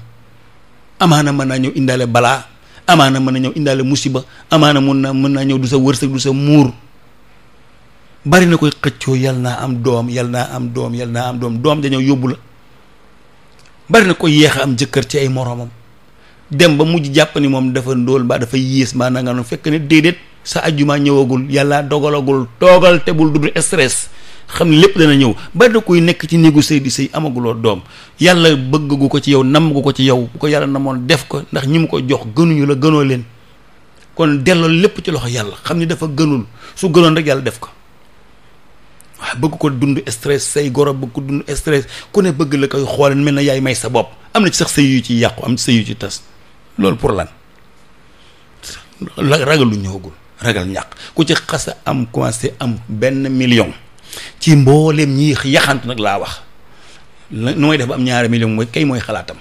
B: amaana mën naa ñëw indaale balaa amaana mën na ñëw indaale musiba amaana mun na mën naa ñëw du sa wërsëg du sa muur bari na koy xëccoo yal naa am doom yal naa am doom yal naa am doom doom dañoo yóbbu la bari na ko yeex a am jëkkër ci ay moroomam dem ba mujj jàpp ni moom dafa ndóol mbaa dafa yées mbaa nga noonu fekk ne déedéet sa ajjuma ñëwagul yàlla dogalagul toogal te du dund xam ne lépp dana ñëw bari na koy nekk ci néegu sëy di sëy amaguloo doom yàlla bëggagu ko ci yow namm gu ko ci yow bu ko yàlla namoon def ko ndax ñi mu ko jox gënuñu la gënoo leen kon delloo lépp ci loxo yàlla xam ni dafa gënul su gënoon rek yàlla def ko bëgg ko dund stress say goro bëgg ko dund stress ku ne bëgg la koy xoolal mel na yaay may sa bopp am na ci sax sa yu ci yàqu am sëy yu ci tas loolu pour lan ragal lu ñëwagul ragal ñàkk ku ci xasa am commencé am benn million ci mbooleem ñi yaxantu nag laa wax nu may def ba am ñaari million mooy kay mooy xalaatam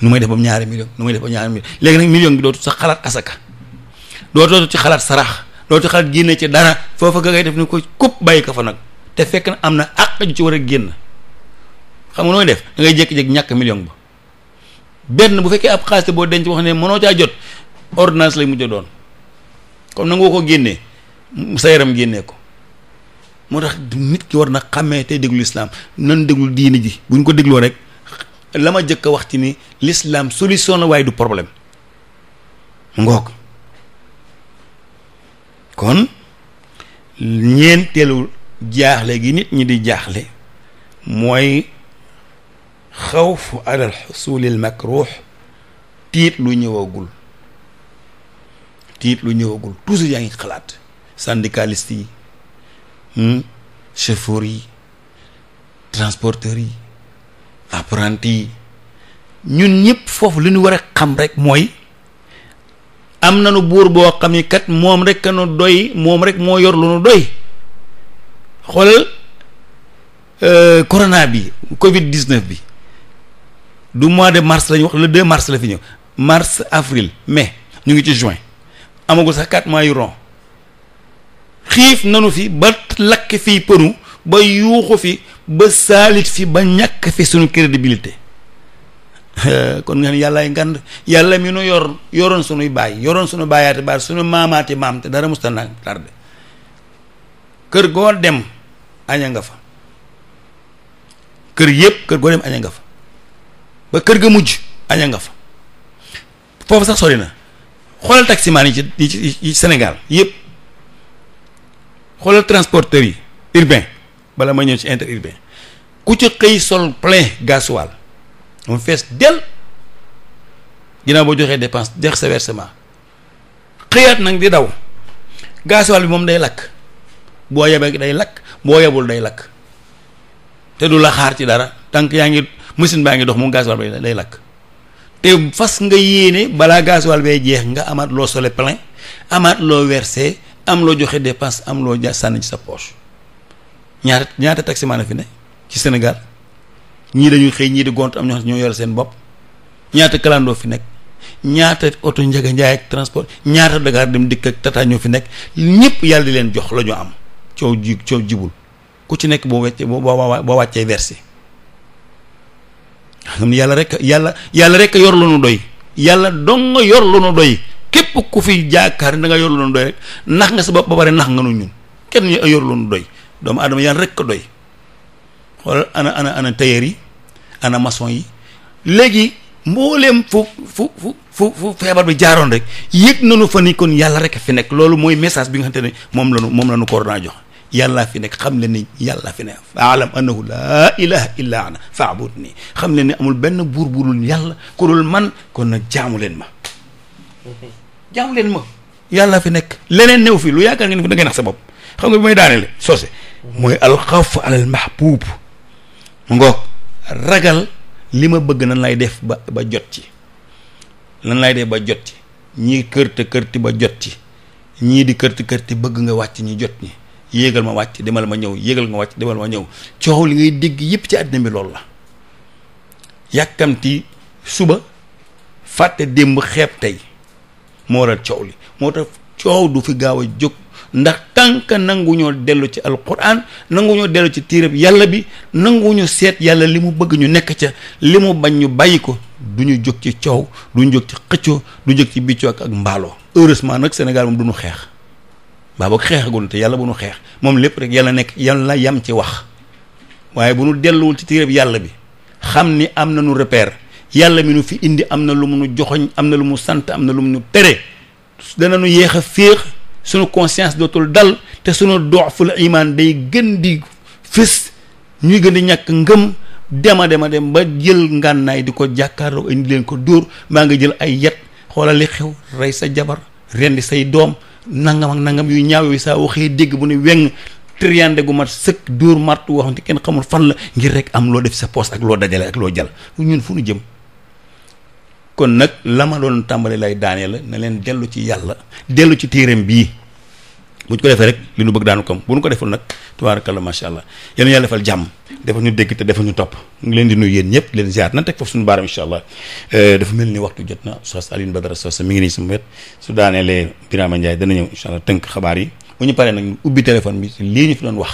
B: nu may def ba am ñaari million nu may def ba léegi nag million bi dootu sax xalaat asaka dootoo ci xalaat sarax dootu xalaat génne ci dara foofa nga koy def ni ko kupp bàyyi ko fa nag te fekk na am na àq ju ci war a génn xam nga nooy def da ngay jékki-jékki ñàkk million ba benn bu fekkee ab xaalis boo denc wax ne mënoo caa jot ordonnance lay mujj doon comme nangoo ko génnee sa yaram génnee ko moo tax nit ki war na xàmmee tey déglu lislaam nan déglu diini ji buñ ko dégloo rek la ma jëkk a wax ci ni lislaam solution la waaye du problème ngoog kon ñeenteelu jaaxle gi nit ñi di jaaxle mooy xawfu alal xusulil makruux tiit lu ñëwagul tiit ñëwagul toujours yaa ngi xalaat syndicaliste yi hmm, chauffeur yi transporteurs yi apprenti yi ñun ñëpp foofu li ñu war a xam rek mooy am nanu buur boo xam ni kat moom rek nu doy moom rek moo yor lu nu doy xoolal euh, corona bi Covid 19 bi du mois de mars la ñu wax le 2 mars la fi ñëw mars avril mais ñu ngi ci juin amagul sax 4 mois yu ron xiif nanu fi ba lakk fii pënu ba yuuxu fi ba saalit fi ba ñàkk fi suñu crédibilité. kon nga ne yàllaay yàlla mi nu yor yoroon sunuy baay yoroon sunu baayaati baay sunu maamaati maam te dara musta na tarde kër goo dem aña nga fa kër yëpp kër goo dem aña nga fa ba kër ga mujj aña nga fa foofu sax sori na xoolal taximaan yi ci yi ci Sénégal yëpp xoolal transporteurs yi urbain bala ma ñëw ci inter urbain ku ci xëy sol plein gasoil mu fees del ginnaaw boo joxee dépense dex sa versement xëyaat nag di daw gaasuwaal bi moom day lakk boo yebee day lakk boo yebul day lakk te du la xaar ci dara tànk yaa ngi machine baa ngi dox moom gaasuwaal bi day lakk te fas nga yéene balaa gaasuwaal bee jeex nga amaat loo sole plein amaat loo versé am loo joxe dépense am loo sànni ci sa poche ñaata ñaata taximaan a fi ne ci Sénégal ñii dañuy xëy ñii di gont am ñoo ñoo yore seen bopp ñaata kalandoo fi nekk ñaata oto njaga njaay ak transport ñaata Dakar dikk ak ñoo fi nekk ñëpp yàlla di leen jox la ñu am coow ji coow jibul ku ci nekk boo wecce boo boo wàccee versé xam ne yàlla rek yàlla yàlla rek yor lu nu doy yàlla dong nga yor lu doy képp ku fi jaakaar da nga yor lu nu doy rek nax nga sa bopp ba pare nax nga nu ñun kenn yor lu nu doy doomu aadama yàlla rek ko doy wala ana ana ana tailleur yi ana maçon yi léegi mbooleem fu fu fu fu feebar bi jaaroon rek yëg nanu fa ni kon yàlla rek fi nekk loolu mooy message bi nga xamante ne moom la ñu moom la jox yàllaa fi nekk xam leen ni yàllaa fi nekk faalam annahu laa ilaha illa ana faabudni xam leen ni amul benn buur bu dul yàlla man kon nag jaamu leen ma jaamu leen ma yàllaa fi nekk leneen new fi lu yaakaar nga ni da sa bopp xam nga bi may daanele mooy alxawf mu ngoog ragal li ma bëgg nan lay def ba ba jot ci lan lay def ba jot ci ñii kërte kërti ba jot ci ñii di kërti kërti bëgg nga wàcc ñi jot ñi yéegal ma wàcc demal ma ñëw yéegal nga wàcc demal ma ñëw coow li ngay dégg yépp ci àddina bi loolu la yàkkamti suba fàtte démb xeeb tey moo waral coow li moo tax coow du fi gaaw a jóg ndax tànk nanguñoo dellu ci alquran nanguñoo dellu ci tiirab yàlla bi nanguñu seet yàlla li mu bëgg ñu nekk ca li mu bañ ñu bàyyi ko du ñu jóg ci coow du ñu jóg ci xëccoo du ñu jóg ci biccoo ak ak mbaaloo heureusement nag Sénégal moom du ñu xeex baa boog xeexagul te yàlla bu nu xeex moom lépp rek yàlla nekk yàlla yam ci wax waaye bu ñu delluwul ci tiirab yàlla bi xam ni am na nu repère yàlla mi nu fi indi am na lu mu nu joxoñ am na lu mu sant am na lu mu nu sunu conscience dootul dal te sunu doxful imaan day gën di fës ñuy gën di ñàkk ngëm dema dema dem ba jël ngànnaay di ko jàkkaarloo indi leen ko dóor maa ngi jël ay yet xoolali li xew rey sa jabar rendi say doom nangam ak nangam yu ñaaw yooyu saa waxee dégg bu ne weng triande gu mat sëkk dóor mart waxante kenn xamul fan la ngir rek am loo def sa poos ak loo dajale ak loo jal ñun fu ñu jëm kon nag la doon tàmbali lay daanee la na leen dellu ci yàlla dellu ci téeram bii bu ñu ko defee rek li ñu bëgg daanu comme bu nu ko deful nag tubaarakallah macha allah yéen yàlla defal jàmm defal ñu dégg te defal ñu topp ngi leen di nuyu yéen ñëpp leen ziar nan teg foofu suñu baaram incha allah eh, dafa mel ni jot na Oustaz Alioune Badara Socé mi ngi nii sama wet su daaneelee dana ñëw incha allah xabaar yi bu ñu paree nag ubbi téléphone bi lii ñu fi doon wax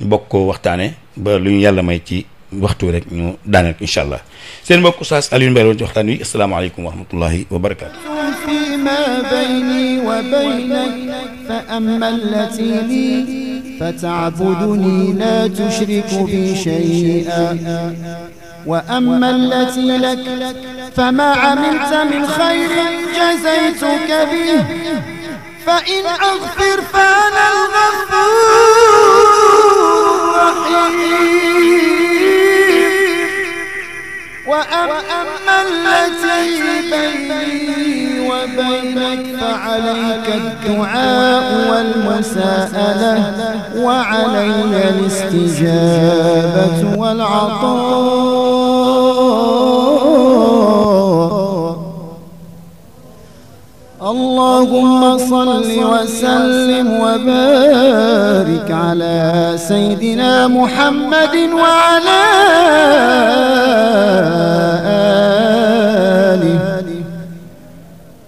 B: ñu bokk ko waxtaanee ba lu ñu yàlla may ci waxtu rek ñu daaneel incha allah seen mbokk Oustaz Alioune Mbaye woon ci waxtaan wi asalaamaaleykum wa rahmatullahi wa barakaatu.
A: fi ma bayni wa baynak fa amma allati li fa ta'buduni la tushriku bi shay'an wa amma allati lak fa ma amilta min khayrin jazaytuka bihi fa in aghfir fa ana al-ghafuur rahim وأما التي بيني وبينك فعليك الدعاء والمساءلة وعلي الاستجابة والعطاء اللهم صل وسلم وبارك على سيدنا محمد وعلى آله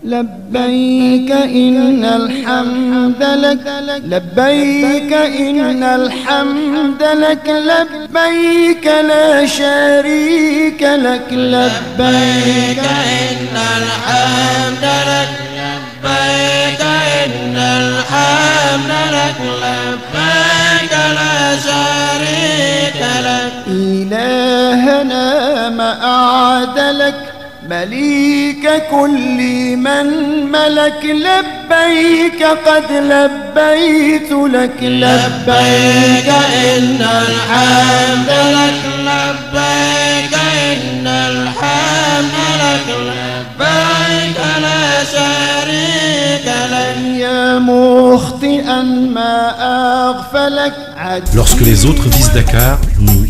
A: لبيك إن الحمد لك لبيك إن الحمد لك لبيك لا شريك لك لبيك إن الحمد لك لبيك إن الحمد لك لبيك لا شريك لك إلهنا ما أعد لك مليك كل من ملك لبيك قد لبيت لك لبيك إن الحمد لك لبيك إن الحمد لك لبيك لا شريك Lorsque les autres visent Dakar, nous